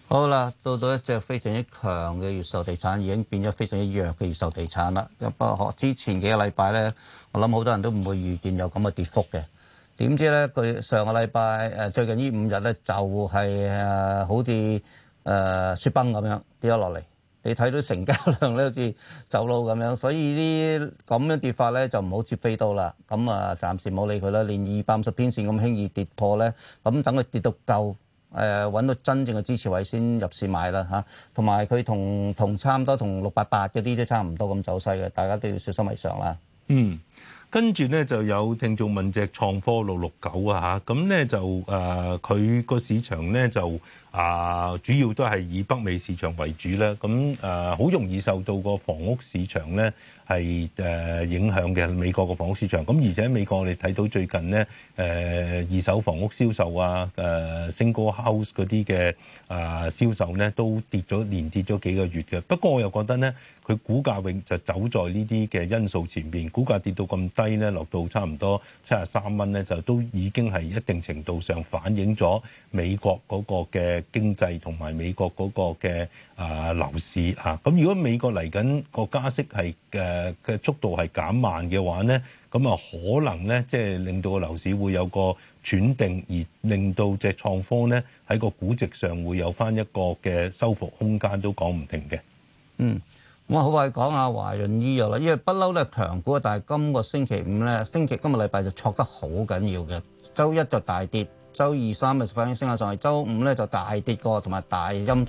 好啦，到咗一隻非常之強嘅越秀地產已經變咗非常之弱嘅越秀地產啦。不過，之前幾個禮拜咧，我諗好多人都唔會預見有咁嘅跌幅嘅。點知咧，佢上個禮拜誒最近呢五日咧就係誒好似誒雪崩咁樣。跌咗落嚟，你睇到成交量咧好似走佬咁樣，所以啲咁樣的跌法咧就唔好接飛刀啦。咁啊，暫時冇理佢啦。連二百五十天線咁輕易跌破咧，咁等佢跌到夠，誒、呃、揾到真正嘅支持位先入市買啦嚇。同埋佢同同差唔多同六八八嗰啲都差唔多咁走勢嘅，大家都要小心為上啦。嗯。跟住咧就有聽眾問隻創科六六九啊，咁咧就，誒佢個市場咧就啊、呃、主要都係以北美市場為主啦，咁誒好容易受到個房屋市場咧係誒影響嘅美國個房屋市場，咁而且美國我哋睇到最近咧誒、呃、二手房屋銷售啊 single house 嗰啲嘅啊銷售咧都跌咗連跌咗幾個月嘅，不過我又覺得咧。佢股價永就走在呢啲嘅因素前邊，股價跌到咁低咧，落到差唔多七十三蚊咧，就都已經係一定程度上反映咗美國嗰個嘅經濟同埋美國嗰個嘅啊樓市嚇。咁如果美國嚟緊個加息係嘅嘅速度係減慢嘅話咧，咁啊可能咧即係令到個樓市會有個轉定，而令到隻創科咧喺個估值上會有翻一個嘅修復空間都講唔定嘅。嗯。我好快講下華潤醫藥啦，因為不嬲咧強股，但係今個星期五咧，星期今個禮拜就挫得好緊要嘅。周一就大跌，周二三咪反升升下上嚟，週五咧就大跌過，同埋大陰燭。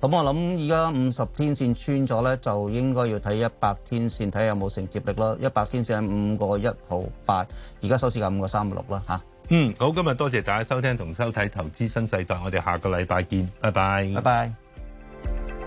咁我諗而家五十天線穿咗咧，就應該要睇一百天線，睇下有冇承接力咯。一百天線係五個一毫八，而家收市價五個三毫六啦嚇。嗯，好，今日多謝大家收聽同收睇《投資新世代》，我哋下個禮拜見，拜拜，拜拜。